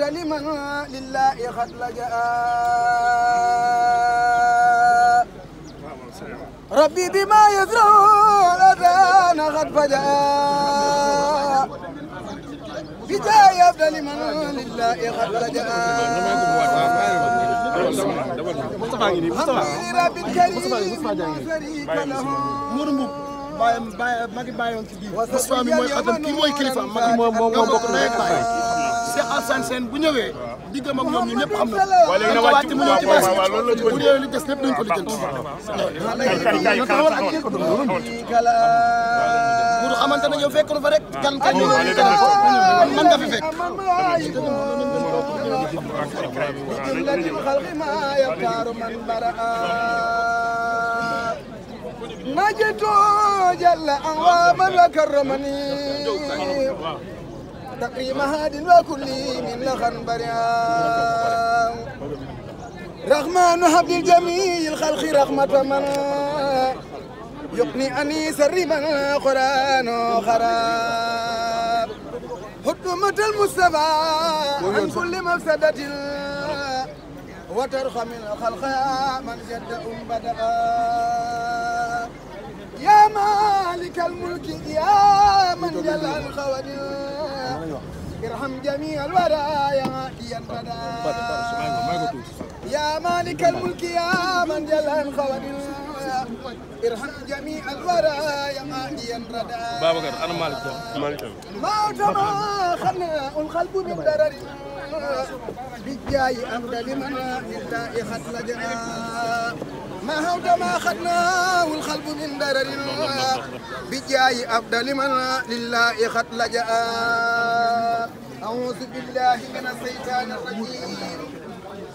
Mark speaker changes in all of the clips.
Speaker 1: قلت لمن لله قد لجأ ربي بما يزرع الأذان قد فجأ بجاء يبدأ لمن لله قد لجأ حمد ربي الكريم
Speaker 2: شريك له bàyyam bàyyi ma ngi bàyyoon ci biir Moustapha mi mooy xatam kii mooy kilifa ma ngi moom moom bokk na ak bàyyi Cheikh Alassane Sène bu ñëwee diggam ak ñoom ñu ñëpp xam na ko waaye léegi wàcc mu ñëw ci bés bu dee li des lépp dañ ko lijjanti mu du xamante ne yow fekk na fa rek
Speaker 1: kan kan ñu man nga fi fekk نجد جل أعواما لكرمني تقريم هاد وكل من لخن بريا رغمان هب للجميع الخلق رحمة من يقني أني سر من قرآن خراب هدمة المصطفى عن كل مفسدة وترخم الخلق من جد أم بدأ يا مالك الملك يا من جل الخوادر ارحم جميع الورى يا ديان
Speaker 3: بدا
Speaker 1: يا مالك الملك يا من جل خوادل ارحم جميع الورى يا ديان بدا
Speaker 4: بابا كر انا مالك مالك
Speaker 1: ما تما خلنا القلب من درر بالجاي امر لمن لله خد لجنا ما هود ما خدنا والخلب من درر بجاي افضل من لله خد لجأ أعوذ بالله من الشيطان الرجيم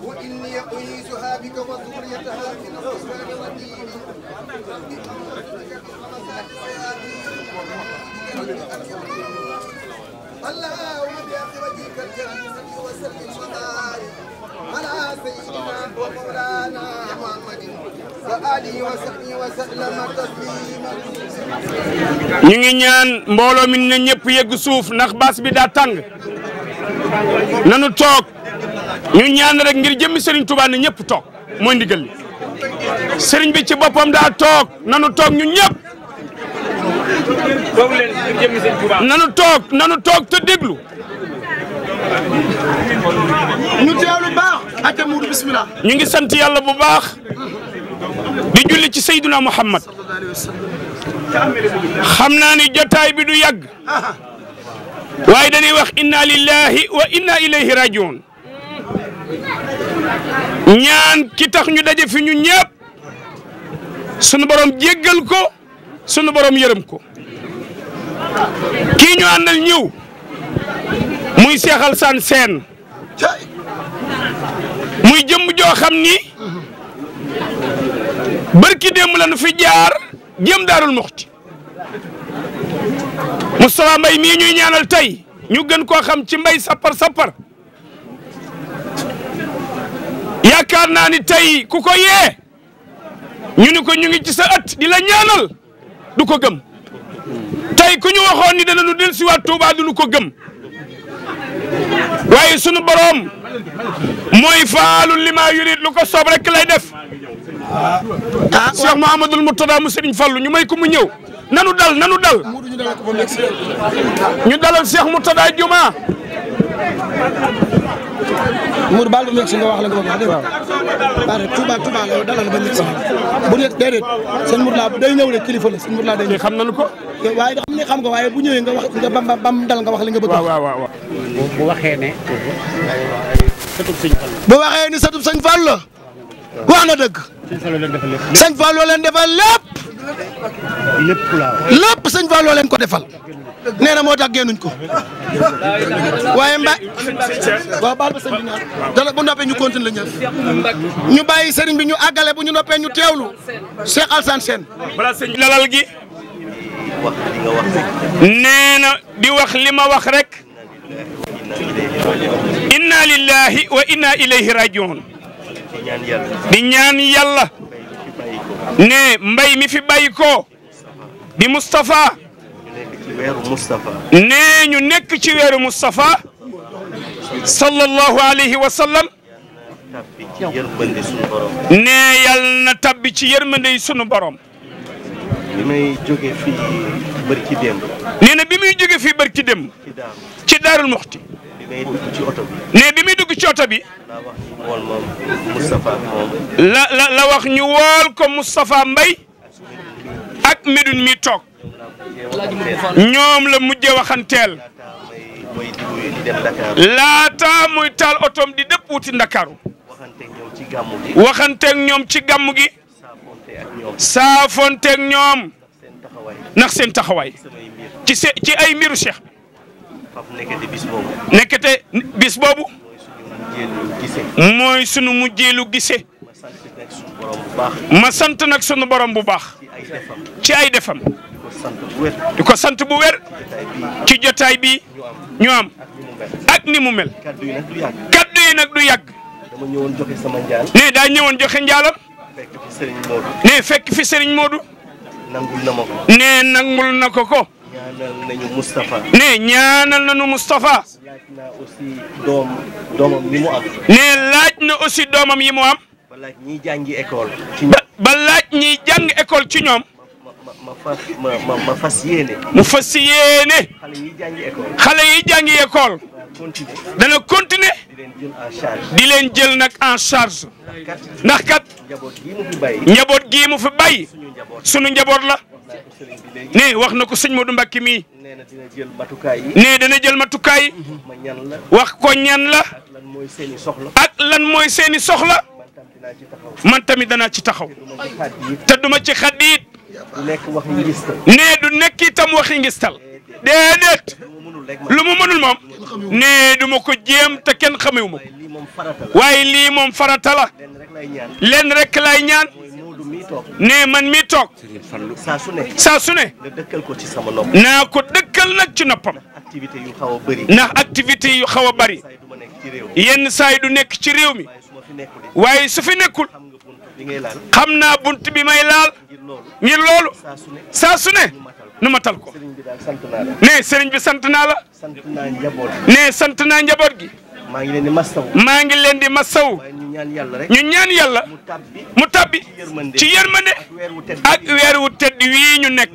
Speaker 1: وإني أعيذها بك وذريتها من الشيطان الرجيم رب أعوذ بك من همزات الشياطين اللهم بأخرج كالجنة وسلم وبارك على سيدنا ومولانا محمد وآله وصحبه وسلم تسليما
Speaker 4: ñu ngi ñaan mbooloo mi ne ñëpp yegg suuf ndax bas bi daa tàng nanu toog ñu ñaan rek ngir jëmmi Serigne Touba ne ñëpp toog mooy ndigal li Serigne bi ci boppam daa toog nanu toog ñun ñëpp. nanu toog nanu toog te déglu. ñu ñu ngi sant yàlla bu baax. di julli ci Seydina Muhammad. xam naa ni jotaay bi du yàgg. waaye dañuy wax inna lillahi wa inna ilayhi rajiun ñaan ki tax ñu daje fi ñu ñëpp sunu borom jéggal ko sunu borom yërëm ko kii ñu àndal ñëw muy Cheikh Alassane Sène muy jëmm joo xam ni barki démb la nu fi jaar jëm daarul muxti Moustapha Mbaye mii ñuy ñaanal tey ñu gën koo xam ci mbay sappar sappar yaakaar naa ni tey ku ko yee ñu ni ko ñu ngi ci sa ëtt di la ñaanal du ko gëm tey ku ñu waxoon ni danañu del siwaat Tuubaa du ñu ko gëm waaye sunu boroom mooy faalul li yu yurit lu ko soob rek lay def ah Cheikh Mouhamadul Moutada mu Serigne Fallou ñu may ko mu ñëw nanu dal nanu dal ñu dalal Cheikh Moutada Juma. Mour
Speaker 2: baal ma si nga wax la nga wax dëgg waaw. waaw Touba ba bu dee déedéet sëñ Mour laa day kilifa la sëñ Mour laa day ko. waaye xam ne waaye bu ñëwee nga wax nga dal nga wax li nga bëgg a wax. waaw bu waxee ne. satub sëñ waa na dëgg. sëñ Fallou leen defal lépp. lépp laa lépp sëñ Fallou leen ko defal. nee moo tax génnuñ ko. waaye mba bu noppee ñu continue la ñu bàyyi sëriñ bi ñu àggale bu ñu noppee ñu teewlu. Cheikh
Speaker 4: Alassane Sène. sëñ bi lalal gi. nee na di wax li ma wax rek. inna lillahi wa inna ilayhi rajiun di ñaan yàlla ne mbay mi fi bàyyi ko di Moustapha nee ñu nekk ci weeru Moustapha sallallahu alayhi wa sallam nee yàlla tabbi ci yërmande sunu borom.
Speaker 5: bi may jóge fii
Speaker 4: bërki démb. ci Daarul Muxti.
Speaker 5: bi ngay dugg
Speaker 4: bi. ne bi dugg ci oto bi. la wax ñu wool moom Moustapha moom. la ko Moustapha Mbaye ak Medoune mi toog. ñoom la mujje waxanteel. laata muy taal otoom di dëpp wuti Ndakaaru. waxanteeg ñoom ci gàmmu gi. saafonteeg ñoom. ndax seen taxawaay. ci ay mbiru Cheikh.
Speaker 5: nekkate bis boobu.
Speaker 4: nekkate boobu. mooy sunu mujjeelu gise ma sant nag sunu borom bu baax. ci ay defam. di ko sant bu wer ci jotaay bi ñu am. ak ni mu mel. kaddu yi nag du yàgg.
Speaker 5: dama ñëwoon joxe sama njaal.
Speaker 4: ne daa ñëwoon joxe njaalam. ne fekk fi Serigne Modou. nangul na ma ko. ne nangul na ko ko.
Speaker 5: ñaanal nañu Moustapha.
Speaker 4: ne ñaanal nañu Moustapha. laaj na
Speaker 5: aussi doom doomam yi mu am.
Speaker 4: ne laaj na aussi doomam yi mu am.
Speaker 5: ba laaj ñiy jàngi école. ci
Speaker 4: ñoom laaj ñiy jàng école ci ñoom.
Speaker 5: ma ma ma fas yéene. mu
Speaker 4: fas yéene. xale yi jàngi école. xale école. dana continuer. di leen jël en charge. di leen jël nag en charge. ndax kat. njaboot gii mu fi bay. njaboot gii njaboot la. ne wax na ko sëñ Modou Mbacke mii.
Speaker 5: nee dana jël matukaay
Speaker 4: yi. nee dana jël matukaay
Speaker 5: mm-hmm.
Speaker 4: wax ko ñan la. ak
Speaker 5: lan mooy seeni soxla.
Speaker 4: ak lan mooy seeni soxla. man tamit danaa ci taxaw. te duma ci xaddiit. nee du nekk itam waxi ngistal. déedéet. lu mu mënul moom. nee du ma ko jéem te kenn xamewuma moom waaye lii moom farata la. lenn rek lay ñaan. nee man mii toog. saa su ne. saa su ne.
Speaker 5: nga ko ci sama nopp. naa
Speaker 4: ko dëkkal nag ci noppam. ndax
Speaker 5: activité yu xaw a bëri.
Speaker 4: ndax activité yu xaw a bëri. yenn saa yi du nekk ci réew mi. waaye su fi nekkul. xam naa bunt bi may laal. ngir loolu. saa su ne. nu ma tal ko. nee sëriñ bi sant naa la. nee sant naa njaboot gi. maa ngi leen di masaw. maa ngi leen di masaw. ñu ñaan yàlla rek. ñu ñaan yàlla mu tabbi ci yërmande ak weer wu tedd wii ñu nekk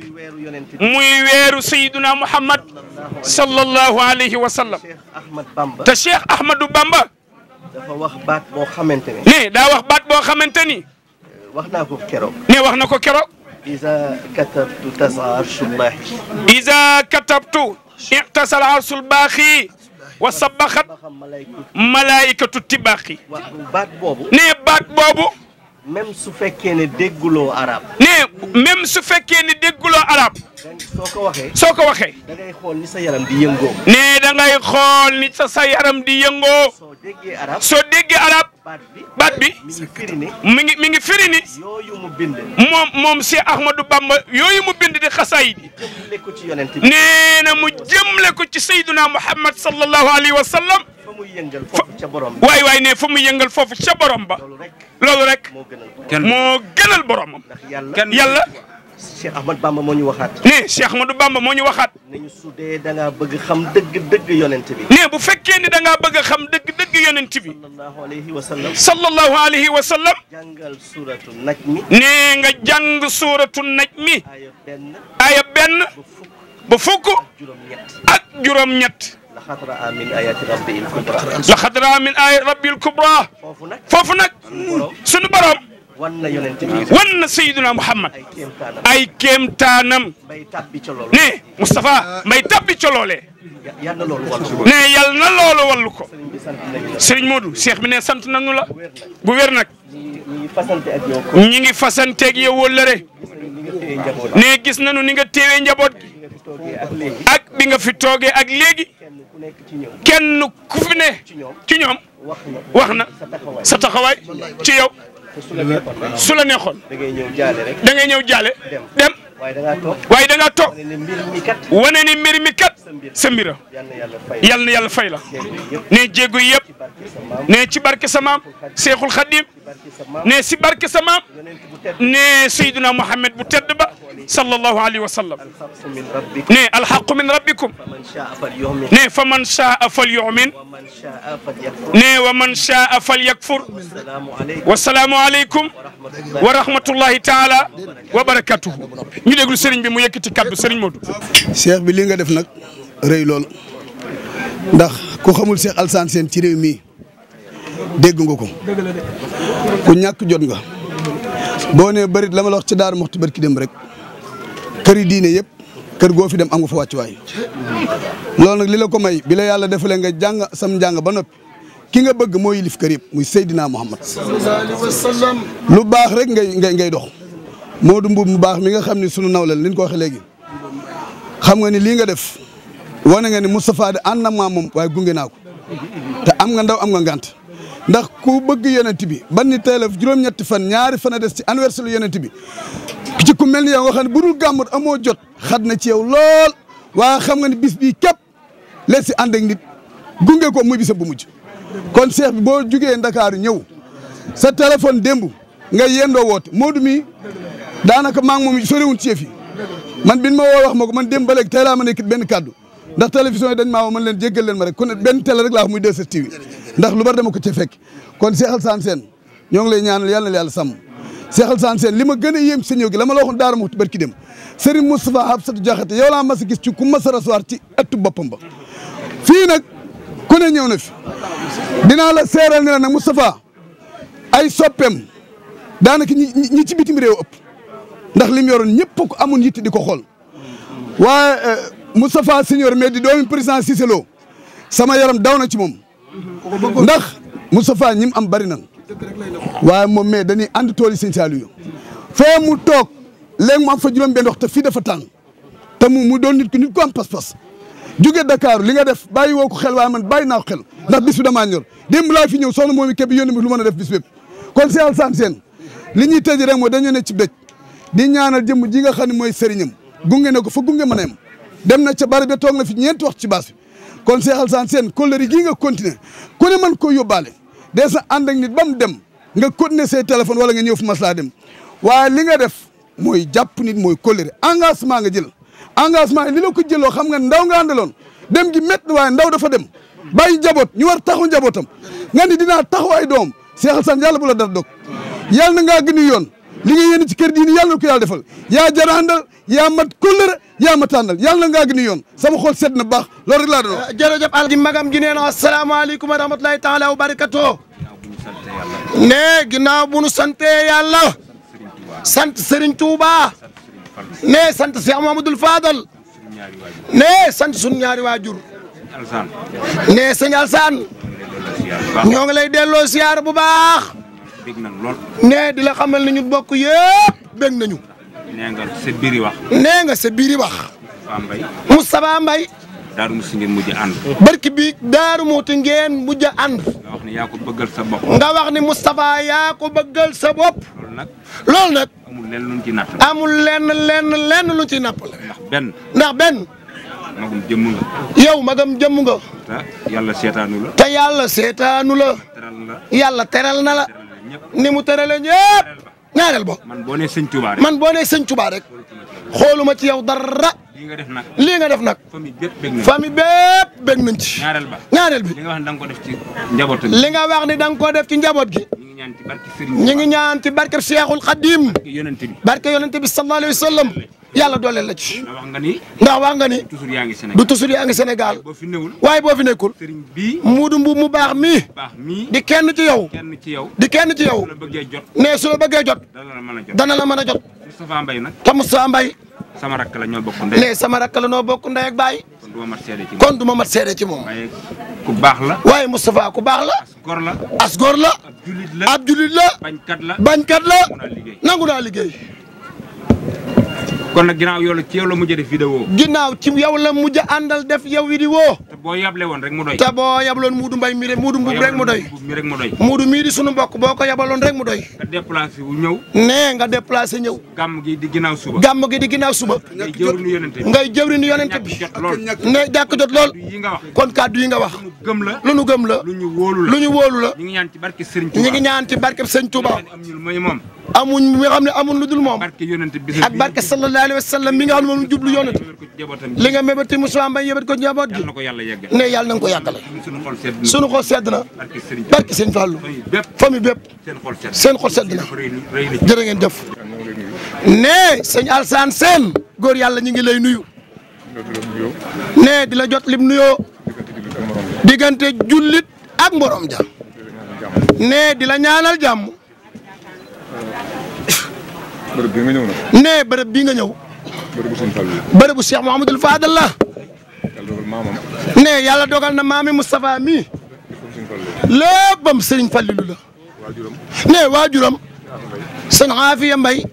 Speaker 4: muy weeru Sayyiduna Muhammad sallallahu alayhi wa sallam te Cheikh Ahmadou Bamba. dafa wax
Speaker 5: baat boo xamante ni. ne
Speaker 4: daa wax baat boo xamante ni. wax naa ko keroog. ne wax na ko keroog. إذا كتبت
Speaker 5: تسعى عرش الله
Speaker 4: إذا كتبت اعتسى العرش الباخي wa sabaxat malaayikatu tibaqi
Speaker 5: nee baat boobu. même su fekkee ne dégguloo arab. nee
Speaker 4: même su fekkee ne dégguloo arab. soo ko waxee. soo ko waxee. da ngay xool ni sa yaram di yëngoo. nee da xool ni sa sa yaram di yëngoo. soo déggee arab. baat bi mi ngi mi ngi firi ni moom moom Cheikh Ahmadou Bamba yooyu mu bind di xasaay di nee na mu jëmle ko ci sayduna Muhammad sallallahu alayhi wa sallam waay waay ne fa mu yëngal foofu ca borom ba loolu rek
Speaker 5: moo gënal boromam
Speaker 4: yàlla Cheikh Ahmad Bamba moo ñu waxaat. ne Cheikh Ahmadou Bamba moo ñu waxaat. ne ñu su dee da ngaa
Speaker 5: bëgg xam dëgg-dëgg yonent bi.
Speaker 4: ne bu fekkee ni da ngaa bëgg a xam dëgg-dëgg yonent bi. sallallahu alayhi wa sallam. sallallahu alayhi wa sallam.
Speaker 5: jàngal suuratu
Speaker 4: naj mi. nee nga jàng suuratu naj mi. aaya benn. aaya benn. ba fukk. ak juróom-ñett.
Speaker 5: laqad raa min ayati rabbil kubra.
Speaker 4: laqad raa min ayati rabbil kubra. foofu nag. foofu nag. sunu borom.
Speaker 5: wan na yonent
Speaker 4: bi wan na Seydina Muhammad ay kéemtaanam ne Moustapha mbay tabbi ca loolee ne yal na loolu wallu ko Serigne Modou Cheikh bi ne sant nañu la bu wér nag ñi ngi fasanteeg yow wóllëre ne gis nañu ni nga téewee njaboot gi ak bi nga fi toogee ak léegi kenn ku fi ne ci ñoom
Speaker 5: wax na sa
Speaker 4: taxawaay ci yow su la neexoon da ngay ñëw jaale rek da ngay ñëw jaale dem waaye da ngaa toog waaye da ngaa toog wane ni mbir mi kat sa mbira yal na yàlla fay la ne jéego yëpp ne ci barke sa maam Seexul Xadim
Speaker 5: ne si barke
Speaker 4: sa maam ne Seydina Muhammad bu tedd ba sallallahu alayhi wa sallam ne alxaqu min rabbikum ne fa man chaa falyumin ne wa man chaa falyakfur wasalaamu aleykum wa rahmatullahi taala wa barakatuhu ñu déglu sëriñ bi mu yëkkati kaddu sëriñ Modou
Speaker 6: cheikh bi li nga def nag rëy lool ndax ku xamul Cheikh Alassane Sène ci réew mii dégg nga ko ku ñàkk jot nga boo nee bërit la ma la wax ci Daaru Muxti barki dem rek kër yi diine yëpp kër goo fi dem am nga fa wàccuwaay loolu nag li la ko may bi la yàlla defalee nga jàng sam njàng ba noppi ki nga bëgg moo yilif kër yëpp muy Seydina Muhammad lu baax rek nga ngay ngay dox du Mbuub mu baax mi nga xam ne sunu nawleel liñ ko waxee léegi xam nga ni lii nga def wane nga ni Moustapha de ànd na maa moom waaye gunge naa ko te am nga ndaw am nga ngant ndax ku bëgg yonent bi ban ni teel a juróom-ñetti fan ñaari fan a des ci anniversaire yonent bi ci ku mel ni yow nga xam ne bu dul gàmmut amoo jot xat na ci yow lool waa xam nga ne bis bii képp lees si ànd ak nit gunge ko muy bisam bu mujj kon seex bi boo jugee Ndakaaru ñëw sa téléphone démb nga yendoo woote Modou mi daanaka maa ngi moom soriwul ci yëf yi man bin ma woo wax ma ko man démb ba léegi tey laa ma nekk benn kàddu ndax télévision yi dañ maa man leen jéggal leen ma rek ku ne benn télé rek laa wax muy 2STV ndax lu bari dama ko ca fekk kon Cheikh Alassane ñoo ngi lay ñaanal yàlla yàlla sàmm Cheikh Alassane Sène li ma gën a yéem sa ñëw gi la ma la waxoon daara ma ci barki dem Serigne Moustapha Absatou Diakhaté yow laa mas a gis ci ku mas a recevoir ci ëttu boppam ba fii nag ku ne ñëw na fi dinaa la seeral ne la nag Moustapha ay soppeem daanaka ñi ñi ci bitim réew ëpp ndax lim yoroon ñëpp ko amun yitti di ko xool waaye euh, Moustapha Senior mais di doomi président Cissé Lo sama yaram daw na ci moom ndax Moustapha ñim am bari nan waaye moom mais dañuy ànd tool yi sëñ foo mu toog léegi mu am fa juróom benn wax te fii dafa tàng te mu doon nit ku nit ku am pas-pas jóge Dakar li nga def bàyyi woo ko xel waaye man bàyyi naa ko xel ndax bis bi damaa ñor démb laa fi ñëw soxna moom i képp yónni mi lu mën a def bis bépp kon si Alassane Sène li ñuy tëj rek mooy ci bëj di ñaanal jëmm ji nga xam ne mooy sëriñam gunge na ko fa gunge mën a yem dem na ca bari ba toog na fi ñeenti wax ci baas bi kon Cheikh Alassane Sène kóllëre gi nga continuer ku ne mën koo yóbbaale dee sa ànd ak nit ba mu dem nga continuer say téléphone wala nga ñëw fu maslaa dem waaye li nga def mooy jàpp nit mooy colère engagement nga jël engagement yi li la ko jëloo xam nga ndaw nga àndaloon dem gi métti waaye ndaw dafa dem bàyyi njaboot ñu war taxu njabootam nga ni dinaa taxaw ay doom Cheikh Alassane yàlla bu la dara dog yàlla na ngaa gënu yoon li nga ci kër diini yàlla na ko yàlla defal yaa jaraandal yaa mat kóllëre yaa ma tàndal yàlla na ngaa gën a yoon sama xol sedd na baax
Speaker 2: loolu rek laa doon wax. Eh, jërëjëf Alaaji Magam ji nee na asalaamaaleykum wa rahmatulahi taala wa barakatoo. ne ginnaaw bu nu sante yàlla. sant Serigne Touba. ne sant Cheikh Mamadou Fadal. ne sant sunu ñaari waajur. ne sëñ Alsaan. ñoo ngi lay delloo siyaar bu baax. bég nañ lool. nee di la xamal ne bokk yëpp bég nañu.
Speaker 4: nee nga sa biiri wax.
Speaker 2: nee nga sa biiri wax.
Speaker 4: Moustapha mbay
Speaker 2: Moustapha Mbaye.
Speaker 4: daaru Mouti ngeen mujj
Speaker 2: bi daaru Mouti ngeen mujj ànd. nga
Speaker 4: wax ne yaa ko bëggal sa bopp. nga wax
Speaker 2: ni Moustapha yaa ko bëggal sa bopp. loolu nag. loolu nag.
Speaker 4: amul lenn luñ ci napp.
Speaker 2: lenn lenn lenn ci napp. ndax benn. ndax benn.
Speaker 4: magam jëmm nga.
Speaker 2: yow magam jëmm nga.
Speaker 4: te yàlla seetaanu la.
Speaker 2: te yàlla seetaanu la. yàlla teral na la. ni mu tërale ñëpp ñaareel ba
Speaker 4: man boo nee sëñ Touba man
Speaker 2: boo nee sëñ Touba rek xooluma ci yow dara.
Speaker 4: lii nga def nag lii
Speaker 2: nga def nag. famille bépp bég nañ ci famille bépp bég nañ ci. ñaareel ba ñaareel bi. li nga wax ni da nga ko def ci njaboot li nga wax ni da nga def ci njaboot gi.
Speaker 3: ñu ngi ñaan ci barke Serigne. ñu ngi
Speaker 2: ñaan ci barke Cheikhul Khadim. barke yonente bi barke yonente bi sallallahu alayhi wa sallam. yàlla dooleel la ci. ndax wax nga ni. ndax wax nga ni. du
Speaker 4: toujours yaa ngi Sénégal du toujours yaa ngi Sénégal. boo fi newul
Speaker 2: waaye boo fi nekkul. sëriñ bii muudu mbuub mu baax mii. baax mii di kenn ci yow. kenn
Speaker 4: ci yow di kenn ci yow. su la bëggee jot mais su bëggee jot. dana la mën jot dana la mën a jot. Moustapha Mbaye nag.
Speaker 2: te Moustapha Mbaye.
Speaker 4: sama rakk la ñoo bokk ndey. mais sama rakk
Speaker 2: la bokk ndey ak baay.
Speaker 4: kon du ma mat seede ci moom kon
Speaker 2: du ma mat seede ci moom. waaye ku baax la. waaye Moustapha ku baax la. as la as gor la. ab julit la ab julit la. bañkat la bañkat la. nangu naa liggéey
Speaker 4: kon nag ginnaaw yow ci yow la mujj def vidéo.
Speaker 2: ginnaaw ci yow la àndal def yow vidéo.
Speaker 4: te boo yable woon rek mu doy. te
Speaker 2: boo yabaloon Moodu Mbay mi rek Moodu Mbuub rek mu doy.
Speaker 4: rek mu doy. Moodu
Speaker 2: mbokk boo ko yabaloon rek mu doy.
Speaker 4: nga déplacé wu ñëw.
Speaker 2: nee nga déplacé ñëw. gàmm gi di ginnaaw suba. gàmm gi di ginnaaw suba. ngay jëwriñu yonente bi ngay jëwriñu yonente bi. ne jàkk jot lool. kon kàddu yi nga wax. gëm la lu ñu gëm la. lu ñu wóolu la lu ñu wóolu la.
Speaker 4: ngi ñaan ci
Speaker 2: barke Sëriñ Tuuba amuñ mi nga xam ne amuñ lu dul moom ak barke sallallahu alayhi wa sallam mi nga xam ne moom jublu yonent li nga mébéti Moussa Mbaye yébét ko njaboot gi
Speaker 4: ne yàlla na ko yàggale sunu xol sedd
Speaker 2: barke sëñ Fallou famille bépp seen xol sedd na jërë ne sëñ Alsaan Seen góor yalla ñu ngi lay nuyu ne di la jot lim nuyoo diggante jullit ak mborom ja ne di la ñaanal jàmm bërëb bii nga ñëw nee bërëb bii nga ñëw. bërëbu Sëñ Fallu la. bërëbu Cheikh Mouhamadul Fadal la. yàlla dogal maamam. nee yàlla dogal na maami Moustapha mii. léppam Sëriñ Fallilu la. nee waajuram. sëñ Aafiya Mbay.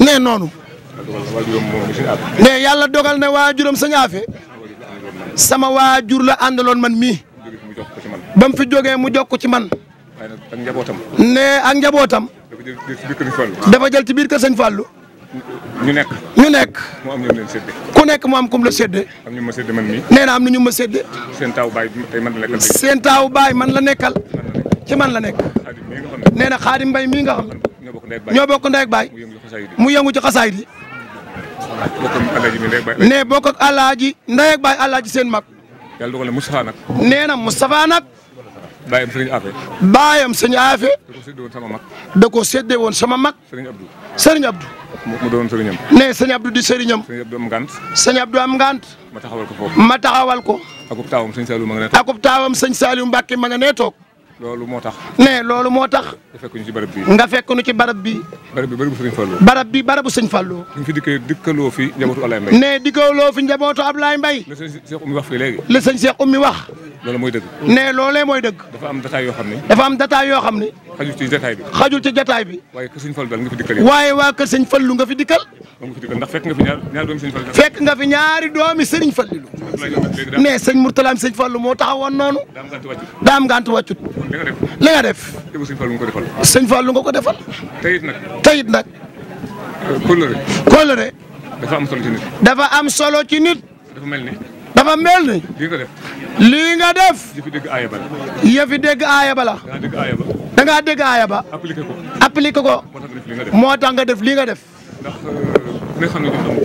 Speaker 2: nee noonu. nee yàlla dogal na waajuram sëñ Aafe. sama waajur la àndaloon man mi ba fi jógee mu jokk ci man.
Speaker 3: nee ak njabootam.
Speaker 2: nee ak njabootam. dafa jël ci biir kër sëñ Fallou. ñu nekk. ñu nekk.
Speaker 3: mu am ñu leen séddee.
Speaker 2: ku nekk mu am kum la séddee. am ñu ma séddee man mii. nee na am na ñu ma séddee. seen taawu baay tey man la nekkal. seen la nekkal. ci man la nekk. nee xaadim mbay mii nga xam
Speaker 3: ñoo bokk ndey baay.
Speaker 2: mu yëngu ci xasaay di. ne bokk ak alaaji baay alaaji seen mag. yàlla dogal na
Speaker 3: baayam sëriñ Afe.
Speaker 2: baayam sëriñ Afe. da ko séddee woon sama mag. da sedde séddee woon sama mag. sëriñ Abdou. sëriñ Abdou.
Speaker 3: mu doon sëriñam.
Speaker 2: nee sëriñ Abdou di sëriñam. sëriñ Abdou am ngant. sëriñ am ngant.
Speaker 3: ma taxawal ko foofu. ma taxawal ko. akub taawam sëñ Saliou ma nga nee toog. akub
Speaker 2: taawam sëñ Saliou Mbacke ma nga nee toog. loolu moo tax. ne loolu moo tax.
Speaker 3: nga fekk ñu ci barab bi nga
Speaker 2: fekk ñu ci barab bi
Speaker 3: barab bi barabu sëñ Fallou.
Speaker 2: barab bi barabu sëñ Fallou.
Speaker 3: ñu fi dikkee dikkaloo fi njabootu Ablaye Mbaye.
Speaker 2: ne dikkaloo fi njabootu Ablaye Mbaye.
Speaker 3: la sëñ Cheikh Oumy wax fii léegi. la sëñ mooy dëgg. ne loolee mooy dëgg. dafa am dataay yoo xam ne. dafa am
Speaker 2: dataay yoo xam ne. xajul ci jotaay bi xajul ci jotaay bi waaye kër sëñ Fallu waa kër sëñ Fallu nga fi dikkal
Speaker 3: nga fi dikkal ndax fekk
Speaker 2: nga fi ñaar ñaari doomi sëñ Fallu fekk
Speaker 3: nga fi ñaari doomi sëriñ Fallu mais
Speaker 2: sëñ Murtalaam sëñ Fallu moo taxawoon noonu daam ngant wàccut li nga def sëñ Fallu nga ko defal tayit nag tayit nag euh,
Speaker 3: kóllëre dafa am solo ci nit
Speaker 2: dafa am solo ci nit dafa mel ni dafa mel ni lii nga def
Speaker 3: lii nga def yëfi dégg aaya bala
Speaker 2: yëfi dégg aaya bala da ngaa dégg aaya ba. appliqué ko moo tax def li nga def.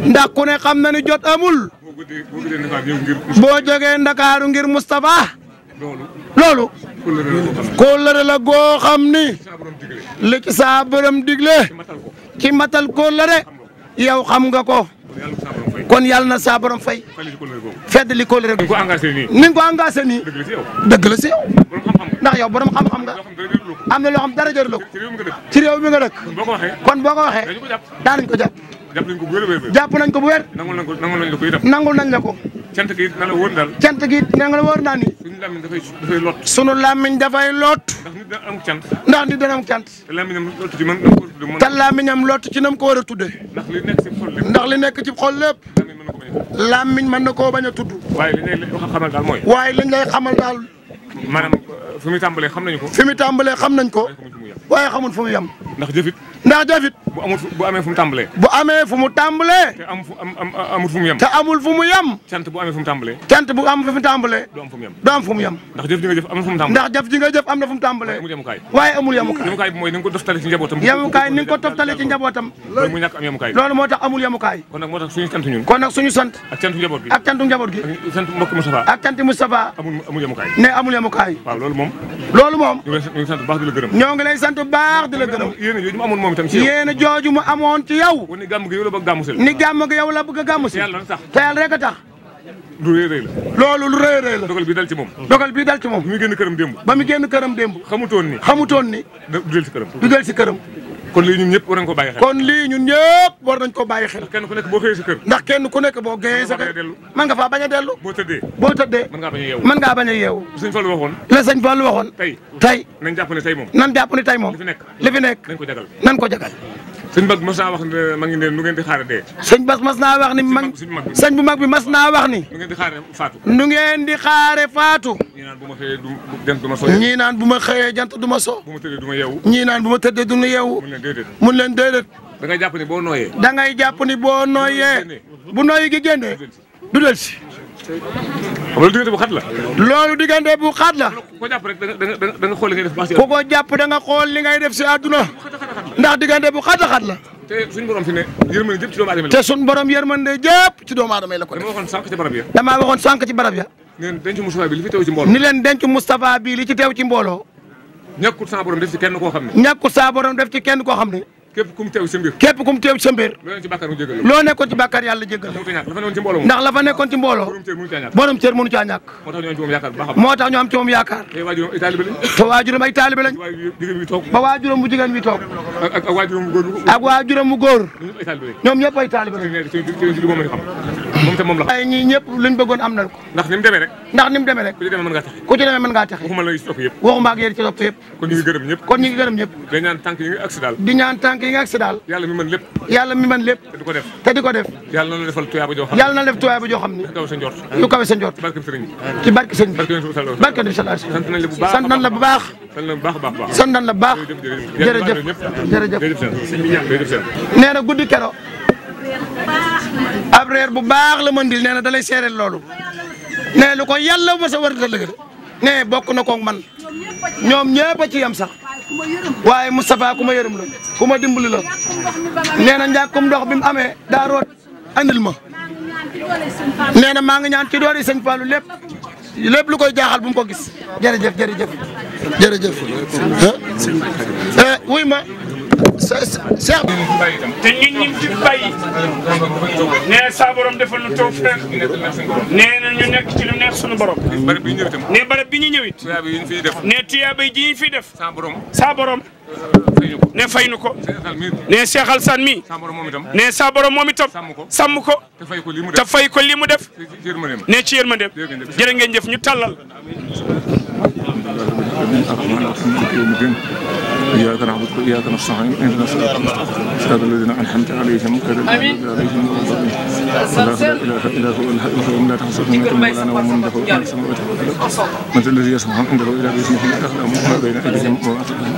Speaker 2: ndax ku ne xam na ni jot amul. boo jógee Ndakaaru ngir Moustapha. loolu. kóllëre la goo xam ni. li ci saa borom digle. ci matal kóllëre yow xam nga ko. kon yàlla na saa borom fay. fedd li kóol rek. ni ko engagé nii. ni nga ko engagé nii. dëgg la si yow. dëgg la si yow. ndax yow borom xam-xam nga. am na loo xam dara jërëjëf. ci réew mi nga dëkk. kon boo ko waxee. daanañ ko jàpp.
Speaker 3: jàpp nañ ko bu wér. nangul nañ ko bu wér. nangul nañ cant gi na la wóor daal.
Speaker 2: cant gi na nga la wóor naa ni. sunu
Speaker 3: làmmiñ dafay dafay lot. sunu làmmiñ dafay lot. ndax nit dana am cant.
Speaker 2: ndax nit dana am cant. te làmmiñam lot ci man
Speaker 3: na ko tuddee. te
Speaker 2: làmmiñam lot ci a tuddee. ndax li nekk ci xol lépp. ndax li na koo bañ a tudd.
Speaker 3: waaye li ñu lay daal fi muy tàmbalee xam nañ ko. fi
Speaker 2: muy tàmbalee xam ndax jëfit. bu amul bu amee bu amee fu mu tàmbalee.
Speaker 3: am fu am amul fu mu yem. te amul fu mu yem. cant bu amee fu mu ta
Speaker 2: cant bu am fu mu tàmbalee. du am fu mu yem. du am fu mu yem. ndax jëf ji nga jëf am na fu mu tàmbalee. ndax jëf ji nga jëf am na fu mu tàmbalee. amul yemukaay waaye amul yemukaay. yemukaay
Speaker 3: bi mooy ni nga ko toftale ci njabootam. yemukaay
Speaker 2: ni nga ko toftale ci njabootam. loolu muy
Speaker 3: ñàkk am yemukaay. loolu
Speaker 2: moo moo tax amul amul yemukaay. loolu moom ñoo ngi lay sant bu baax di la gërëm yéen a jooju mu amoon ci yow
Speaker 3: ni gàmm gi yow la bëgg gàmmu si ni
Speaker 2: gàmm gi la bëgg a gàmmu si te lu rëy rëy la loolu lu rëy rëy la dogal bi dal ci moom dogal bii dal ci moom ba mu génn këram démb ba mu génn këram démb xamutoon ni xamutoon ni du del si këram du del si këram
Speaker 3: kon lii ñun ñëpp war nañ ko bàyyi
Speaker 2: xel kon lii ñun ñëpp war ko kenn ku nekk boo xëyee sa kenn ku nekk boo géyee sa kër man nga faa bañ a dellu boo tëddee boo tëddee mën ngaa bañ a yeewu
Speaker 3: mën ngaa bañ a yeewu sëñ Fallu waxoon
Speaker 2: la sëñ Fallu waxoon tey tey nañ jàpp ne tey moom nañ jàpp ne tey moom li fi nekk li fi nekk ko jagal nañ ko jagal
Speaker 3: sëñ Bas mas naa wax ma ngi ngeen di xaar dee. sëñ
Speaker 2: Bas mas naa wax ni ma sëñ bu mag bi mas na wax ni.
Speaker 3: nu ngeen di xaare faatu. nu xaare faatu. bu ma xëyee du jant du ma soo. ñii naan
Speaker 2: bu ma xëyee jant du ma soo. bu ma
Speaker 3: tëddee du naan
Speaker 2: bu ma tëddee du ma yeewu. mun leen déedéet mun leen déedéet.
Speaker 3: da jàpp ni boo nooyee.
Speaker 2: da ngay jàpp ni boo nooyee. bu nooyi gi génnee du del si.
Speaker 3: xam nga diggante bu xat la.
Speaker 2: loolu diggante bu xat la. ko jàpp rek da nga da li ngay def baax si ku ndax diggante bu xat a xat la.
Speaker 3: te suñu borom fi ne yërmande jëpp ci doomu te
Speaker 2: suñu borom yërmande jëpp ci doomu aadama
Speaker 3: la ko def.
Speaker 2: damaa waxoon sànq ci barab ya. damaa ci barab ya. ni leen denc Moustapha teew ci mbooloo. ni leen ci teew ci mbooloo. ñàkkut saa borom ci kenn koo xam ne. ñàkkut saa borom def ci kenn koo xam ne. képp kum teew ci mbir képp kum teew ci sa mbir nekkoon ci bàkkaar yàlla jéggal ndax la fa nekkoon ci mbooloo borom cër moo
Speaker 3: tax
Speaker 2: ñu am ci moom yaakaar te waajuram ay taalibe lañ ba waajuram bu jigéen bi toog ak waajuram bu góor ak waajuram bu góor ñoom ñëpp ay taalibe lañ moom itam moom la ay ñii ñëpp na la defal joo xam ni kawe sa njort yu kawe sant nañ la baax sant nañ la baax sant guddi kero ab reer bu baax la mën dil nee na da seereel loolu ne lu ko yàlla ma sa war a dëgg ne bokk na koog man ñoom ñëpp a ci yam sax
Speaker 1: waaye Moustapha ku ma yërëm
Speaker 2: la ku ma dimbali la nee na njàkkum ndox bi mu amee daa root andil ma nee na maa ngi ñaan ci doori sëñ Fallou lépp lépp lu koy jaaxal bum ko gis jërëjëf jërëjëf jërëjëf
Speaker 4: eh, wuy ma Cheikh te ñun ñim fi bàyyi nee na saa borom defal nu taw feex nee na ñu nekk ci lu neex suñu borom ne barab bi ñu ñëwit ne tuyaaba ji ñu fiy def saa borom ne fay nu ko ne Cheikh Alassane mi
Speaker 3: ne saa borom moom itam sàmm ko te fay ko li mu def
Speaker 4: ne ci yërmandeem jërë ngeen jëf ñu tàllal
Speaker 3: إياك نعبد وإياك نستعين اهدنا الصراط المستقيم صراط الذين أنعمت عليهم غير المغضوب عليهم ولا الضالين لا إله إلا هو الحي القيوم لا تأخذه سنة ولا نوم من له ما في السماوات والأرض من ذا الذي يسمع عنده إلى باسمه يعلم ما بين أيديهم وما خلفهم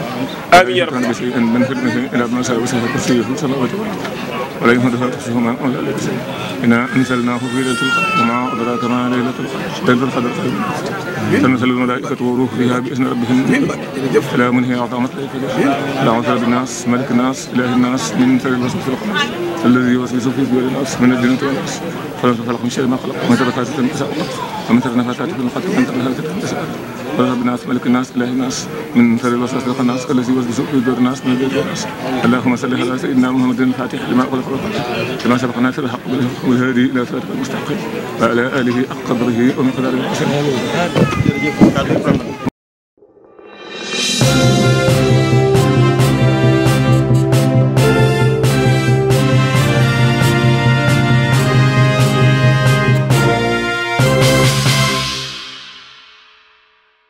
Speaker 3: آمين يا رب كان بشيء من في المثل إلى ما سأل وسهل كرسيه صلوات الله ولا يهمدها وما أنزل إنا أنزلناه في ليلة القدر وما أدراك ما ليلة القدر ليلة القدر خير تنزل الملائكة والروح فيها بإذن ربهم سلام هي أعطى مطلع لا عذاب الناس ملك الناس إله الناس من شر الوسوس الخناس الذي يوسوس في صدور الناس من الجنة والناس فلم تخلق من شر ما خلق ومن شر فاتت من خلق ومن شر نفاثات في الخلق ومن شر هلكة من رب الناس ملك الناس اله الناس من شر الوسواس الخناس الذي يوسوس في صدور الناس من الجنة والناس اللهم صل على سيدنا محمد الفاتح لما خلق كما سبق ناس الحق والهادي الى صراط المستقيم وعلى اله حق قدره ومقداره الحسن